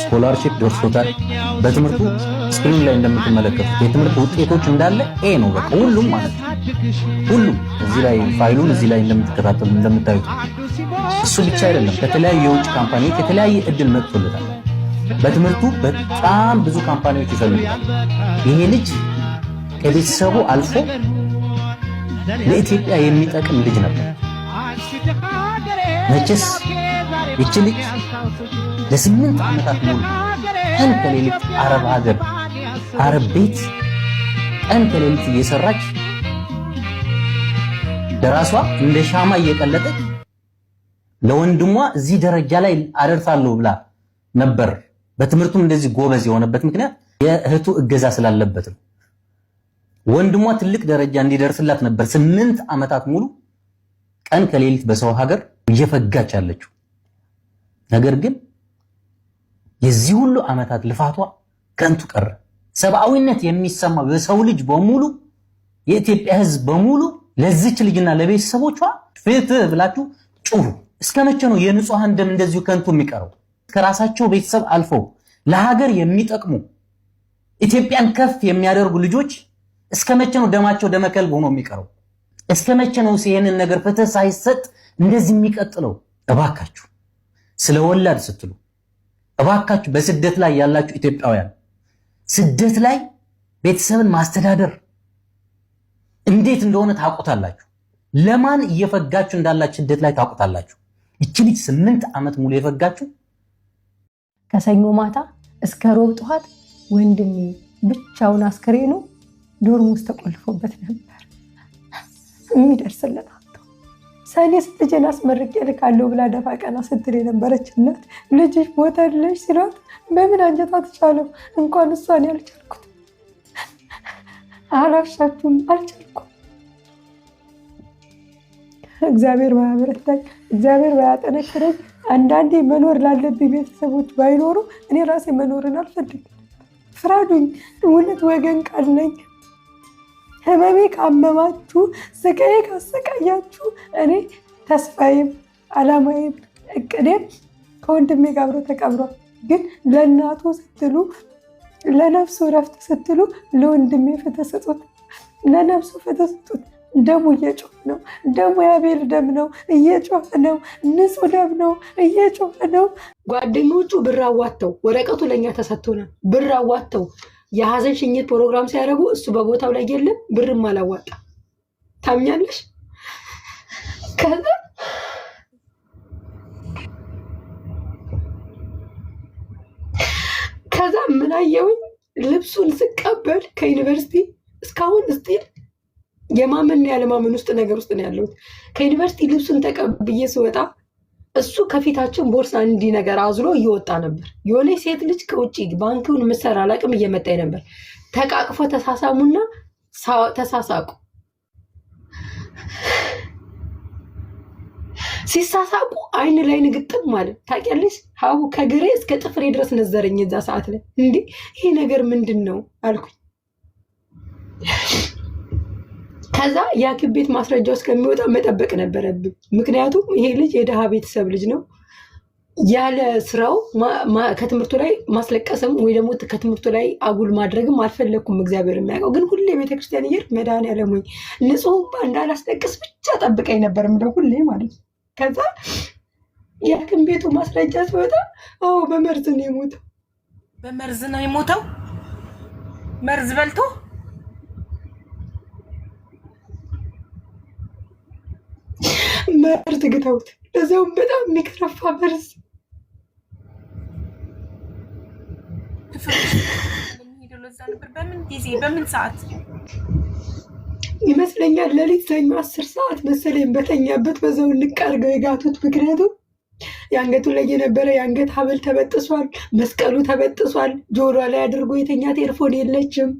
ስኮላርሽፕ ደርሶታል። በትምህርቱ ስክሪን ላይ እንደምትመለከቱት የትምህርት ውጤቶች እንዳለ ኤ ነው በቃ ሁሉም ማለት ነው። ሁሉም እዚህ ላይ ፋይሉን እዚህ ላይ እንደምትከታተሉ እንደምታዩት፣ እሱ ብቻ አይደለም ከተለያዩ የውጭ ካምፓኒዎች የተለያየ እድል መጥቶለታል። በትምህርቱ በጣም ብዙ ካምፓኒዎች ይፈልጋል። ይሄ ልጅ ከቤተሰቡ አልፎ ለኢትዮጵያ የሚጠቅም ልጅ ነበር። መቼስ ይቺ ልጅ ለስምንት ዓመታት ሙሉ ቀን ከሌሊት አረብ ሀገር አረብ ቤት ቀን ከሌሊት እየሰራች ለራሷ እንደ ሻማ እየቀለጠች ለወንድሟ እዚህ ደረጃ ላይ አደርሳለሁ ብላ ነበር። በትምህርቱም እንደዚህ ጎበዝ የሆነበት ምክንያት የእህቱ እገዛ ስላለበት ነው። ወንድሟ ትልቅ ደረጃ እንዲደርስላት ነበር ስምንት ዓመታት ሙሉ ቀን ከሌሊት በሰው ሀገር እየፈጋች አለችው ነገር ግን የዚህ ሁሉ ዓመታት ልፋቷ ከንቱ ቀረ። ሰብአዊነት የሚሰማው የሰው ልጅ በሙሉ የኢትዮጵያ ሕዝብ በሙሉ ለዚች ልጅና ለቤተሰቦቿ ፍትህ ብላችሁ ጩሁ። እስከ መቼ ነው የንጹሐን ደም እንደዚሁ ከንቱ የሚቀረው? ከራሳቸው ቤተሰብ አልፈው ለሀገር የሚጠቅሙ ኢትዮጵያን ከፍ የሚያደርጉ ልጆች እስከ መቼ ነው ደማቸው ደመከልብ ሆኖ የሚቀረው? እስከ መቼ ነው ይህንን ነገር ፍትህ ሳይሰጥ እንደዚህ የሚቀጥለው? እባካችሁ ስለ ወላድ ስትሉ እባካችሁ በስደት ላይ ያላችሁ ኢትዮጵያውያን ስደት ላይ ቤተሰብን ማስተዳደር እንዴት እንደሆነ ታውቁታላችሁ። ለማን እየፈጋችሁ እንዳላችሁ ስደት ላይ ታውቁታላችሁ። ይቺ ልጅ ስምንት ዓመት ሙሉ የፈጋችሁ ከሰኞ ማታ እስከ ሮብ ጠዋት ወንድሜ ብቻውን አስከሬኑ ዶርም ውስጥ ተቆልፎበት ነበር የሚደርስለት ሰኔ ስትጀን አስመርቄ እልካለሁ ብላ ደፋ ቀና ስትል የነበረች እናት ልጅሽ ሞተልሽ ሲሏት በምን አንጀቷ ትቻለው? እንኳን እሷን ያልቻልኩት አላሻችሁም፣ አልቻልኩም። እግዚአብሔር ባያበረታኝ፣ እግዚአብሔር ባያጠነክረኝ፣ አንዳንዴ መኖር ላለብኝ ቤተሰቦች ባይኖሩ እኔ ራሴ መኖርን አልፈልግም። ፍራዱኝ። እውነት ወገን ቃል ነኝ። ህመሜ ካመማችሁ፣ ስቃዬ ካሰቃያችሁ እኔ ተስፋዬም አላማዬም እቅዴም ከወንድሜ ጋር አብሮ ተቀብሯል። ግን ለእናቱ ስትሉ ለነፍሱ ረፍት ስትሉ ለወንድሜ ፍትህ ስጡት፣ ለነፍሱ ፍትህ ስጡት። ደሙ እየጮህ ነው። ደሙ የአቤል ደም ነው፣ እየጮህ ነው። ንጹህ ደም ነው፣ እየጮህ ነው። ጓደኞቹ ብር አዋተው ወረቀቱ ለእኛ ተሰጥቶናል። ብር አዋተው የሀዘን ሽኝት ፕሮግራም ሲያደርጉ እሱ በቦታው ላይ የለም፣ ብርም አላዋጣ ታምኛለሽ። ከዛ ከዛ ምን ልብሱን ስቀበል ከዩኒቨርሲቲ እስካሁን ስቲል የማመንና ያለማመን ውስጥ ነገር ውስጥ ነው ያለሁት። ከዩኒቨርሲቲ ልብሱን ተቀብዬ ስወጣ እሱ ከፊታችን ቦርሳ እንዲህ ነገር አዝሎ እየወጣ ነበር። የሆነ ሴት ልጅ ከውጭ ባንኪውን ምሰራ አላቅም እየመጣኝ ነበር። ተቃቅፎ ተሳሳሙና ተሳሳቁ። ሲሳሳቁ አይን ላይ ንግጥም ማለት ታውቂያለሽ። ሀቡ ከግሬ እስከ ጥፍሬ ድረስ ነዘረኝ። እዛ ሰዓት ላይ እንዲህ ይሄ ነገር ምንድን ነው አልኩኝ። ከዛ የሐኪም ቤት ማስረጃ እስከሚወጣ መጠበቅ ነበረብኝ። ምክንያቱም ይሄ ልጅ የድሃ ቤተሰብ ልጅ ነው። ያለ ስራው ከትምህርቱ ላይ ማስለቀስም ወይ ደግሞ ከትምህርቱ ላይ አጉል ማድረግም አልፈለግኩም። እግዚአብሔር የሚያውቀው ግን ሁሌ ቤተክርስቲያን እየሄድኩ መድኃኒዓለም ወይ ንጹህ እንዳላስጠቅስ ብቻ ጠብቀኝ ነበር ምደ ሁሌ ማለት ነው። ከዛ የሐኪም ቤቱ ማስረጃ ሲወጣ አዎ በመርዝ ነው የሞተው። በመርዝ ነው የሞተው። መርዝ በልቶ መርዝ ግተውት፣ ለዚያውም በጣም የሚከረፋ መርዝ። በምን ጊዜ በምን ሰዓት ይመስለኛል ሌሊት ሰኞ አስር ሰዓት መሰለኝ በተኛበት በዛው እንቃርገው የጋቱት። ምክንያቱም የአንገቱ ላይ የነበረ የአንገት ሐብል ተበጥሷል፣ መስቀሉ ተበጥሷል። ጆሮ ላይ አድርጎ የተኛ ቴርፎን የለችም።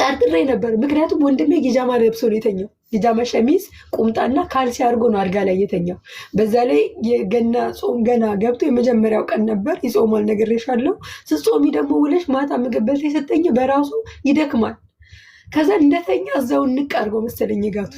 ጠርጥሬ ነበር፣ ምክንያቱም ወንድሜ ጊጃማ ለብሶ ነው የተኛው። የጃማ ሸሚዝ ቁምጣና ካልሲ አድርጎ ነው አልጋ ላይ የተኛው። በዛ ላይ የገና ጾም ገና ገብቶ የመጀመሪያው ቀን ነበር። ይጾማል ነግሬሻለሁ። ስጾሚ ደግሞ ውለሽ ማታ ምግብ የሰጠኝ በራሱ ይደክማል። ከዛ እንደተኛ እዛው እንቅ አድርገው መሰለኝ ጋቱ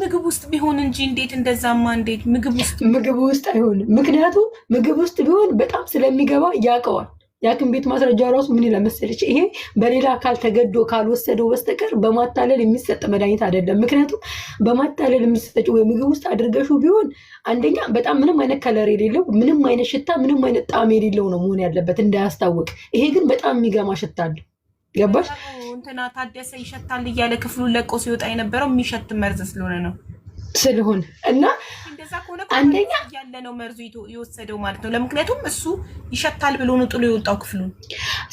ምግብ ውስጥ ቢሆን እንጂ እንዴት እንደዛማ እንዴት ምግብ ውስጥ ምግብ ውስጥ አይሆንም። ምክንያቱም ምግብ ውስጥ ቢሆን በጣም ስለሚገባ ያውቀዋል የሐኪም ቤት ማስረጃ ራሱ ምን ለመሰለች ይሄ በሌላ አካል ተገዶ ካልወሰደው በስተቀር በማታለል የሚሰጥ መድኃኒት አይደለም። ምክንያቱም በማታለል የሚሰጠች ወይ ምግብ ውስጥ አድርገሹ ቢሆን አንደኛ በጣም ምንም አይነት ከለር የሌለው ምንም አይነት ሽታ፣ ምንም አይነት ጣዕም የሌለው ነው መሆን ያለበት እንዳያስታውቅ። ይሄ ግን በጣም የሚገማ ሽታ አለው። ገባሽ? እንትና ታደሰ ይሸታል እያለ ክፍሉን ለቆ ሲወጣ የነበረው የሚሸት መርዝ ስለሆነ ነው። ስለሆነ እና አንደኛ ያለ ነው መርዙ የወሰደው ማለት ነው። ለምክንያቱም እሱ ይሸታል ብሎ ነው ጥሎ የወጣው ክፍሉ።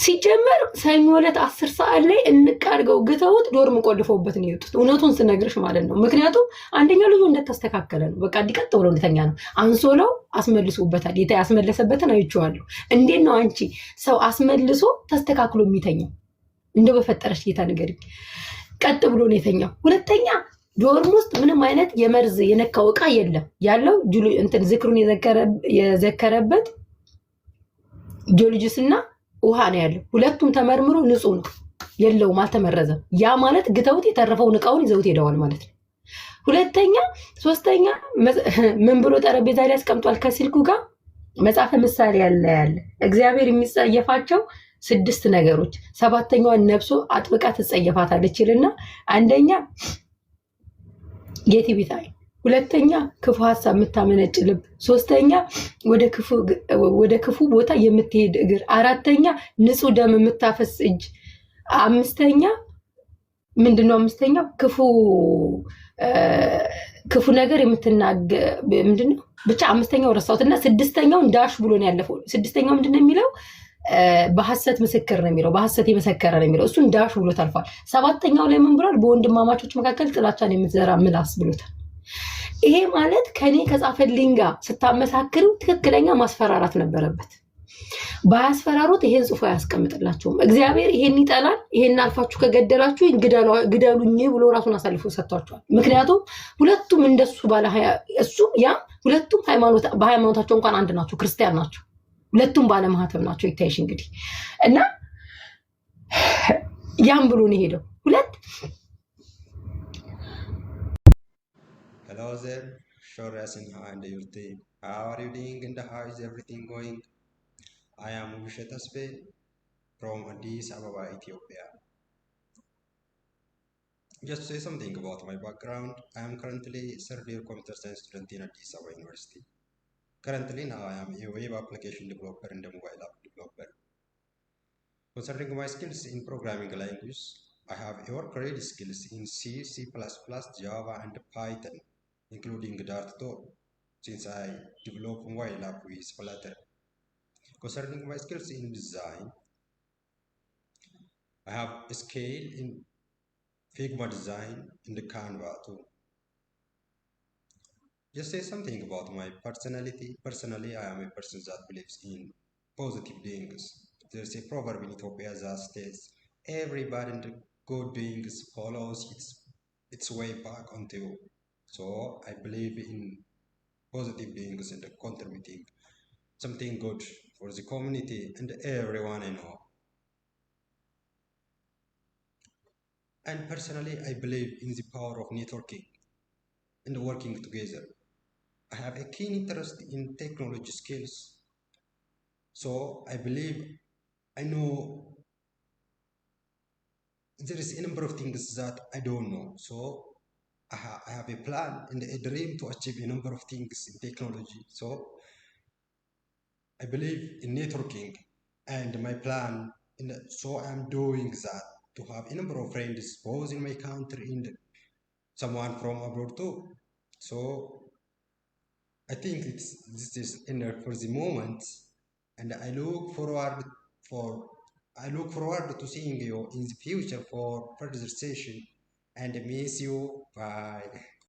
ሲጀመር ሰኞ ዕለት አስር ሰዓት ላይ እንቃርገው ግተውት ዶርም ቆልፈውበት ነው የወጡት። እውነቱን ስነግርሽ ማለት ነው። ምክንያቱም አንደኛ ልጁ እንደተስተካከለ ነው፣ በቃ እንዲቀጥ ብሎ እንደተኛ ነው። አንሶላው አስመልሶበታል። የታ ያስመለሰበትን አይቼዋለሁ። እንዴት ነው አንቺ ሰው አስመልሶ ተስተካክሎ የሚተኛው? እንደው በፈጠረሽ ጌታ ነገር ቀጥ ብሎ ነው የተኛው። ሁለተኛ ዶርም ውስጥ ምንም አይነት የመርዝ የነካው እቃ የለም። ያለው እንትን ዝክሩን የዘከረበት ጆልጅስ እና ውሃ ነው ያለው። ሁለቱም ተመርምሮ ንጹህ ነው፣ የለውም፣ አልተመረዘም። ያ ማለት ግተውት የተረፈውን እቃውን ይዘውት ሄደዋል ማለት ነው። ሁለተኛ ሶስተኛ፣ ምን ብሎ ጠረጴዛ ላይ ያስቀምጧል? ከስልኩ ጋር መጽሐፈ ምሳሌ ያለ ያለ እግዚአብሔር የሚጸየፋቸው ስድስት ነገሮች ሰባተኛዋን ነብሶ አጥብቃ ትጸየፋታለች ይልና አንደኛ የቲቢ አይን፣ ሁለተኛ ክፉ ሀሳብ የምታመነጭ ልብ፣ ሶስተኛ ወደ ክፉ ቦታ የምትሄድ እግር፣ አራተኛ ንጹህ ደም የምታፈስ እጅ፣ አምስተኛ ምንድን ነው? አምስተኛው ክፉ ክፉ ነገር የምትናገ ምንድን ነው? ብቻ አምስተኛው ረሳሁት እና ስድስተኛውን ዳሽ ብሎ ነው ያለፈው። ስድስተኛው ምንድን ነው የሚለው በሐሰት ምስክር ነው የሚለው በሐሰት የመሰከረ ነው የሚለው እሱን ዳሽ ብሎ አልፏል። ሰባተኛው ላይ ምን ብሏል? በወንድማማቾች መካከል ጥላቻን የምትዘራ ምላስ ብሎታል። ይሄ ማለት ከኔ ከጻፈልኝ ጋር ስታመሳክሩ ትክክለኛ ማስፈራራት ነበረበት። ባያስፈራሩት ይሄን ጽፎ አያስቀምጥላቸውም። እግዚአብሔር ይሄን ይጠላል። ይሄን አልፋችሁ ከገደላችሁ ግደሉኝ ብሎ ራሱን አሳልፎ ሰጥቷቸዋል። ምክንያቱም ሁለቱም እንደሱ ባለ እሱ ያም ሁለቱም በሃይማኖታቸው እንኳን አንድ ናቸው፣ ክርስቲያን ናቸው። ሁለቱም ባለማህተብ ናቸው። ይታይሽ እንግዲህ እና ያም ብሎ ነው ሄደው ሁለት How are you doing and how is everything going? I am Vishet Asbe from Addis Ababa, Ethiopia. Just say something about my background. I am currently a computer science student Addis Ababa University. Currently now I am a web application developer and a mobile app developer. Concerning my skills in programming language, I have work great skills in C, C++, Java and Python, including Dart too, since I develop mobile app with Flutter. Concerning my skills in design, I have a scale in Figma design and Canva too. Just say something about my personality. Personally, I am a person that believes in positive doings. There's a proverb in Ethiopia that states, "Every bad the good doings follows its, its way back onto. So I believe in positive things and contributing something good for the community and everyone I know. And personally, I believe in the power of networking and working together. I have a keen interest in technology skills. So I believe I know there is a number of things that I don't know. So I, have a plan and a dream to achieve a number of things in technology. So I believe in networking and my plan. And so I'm doing that to have a number of friends both in my country and someone from abroad too. So I think it's this is enough for the moment, and I look forward for I look forward to seeing you in the future for further session, and miss you. Bye.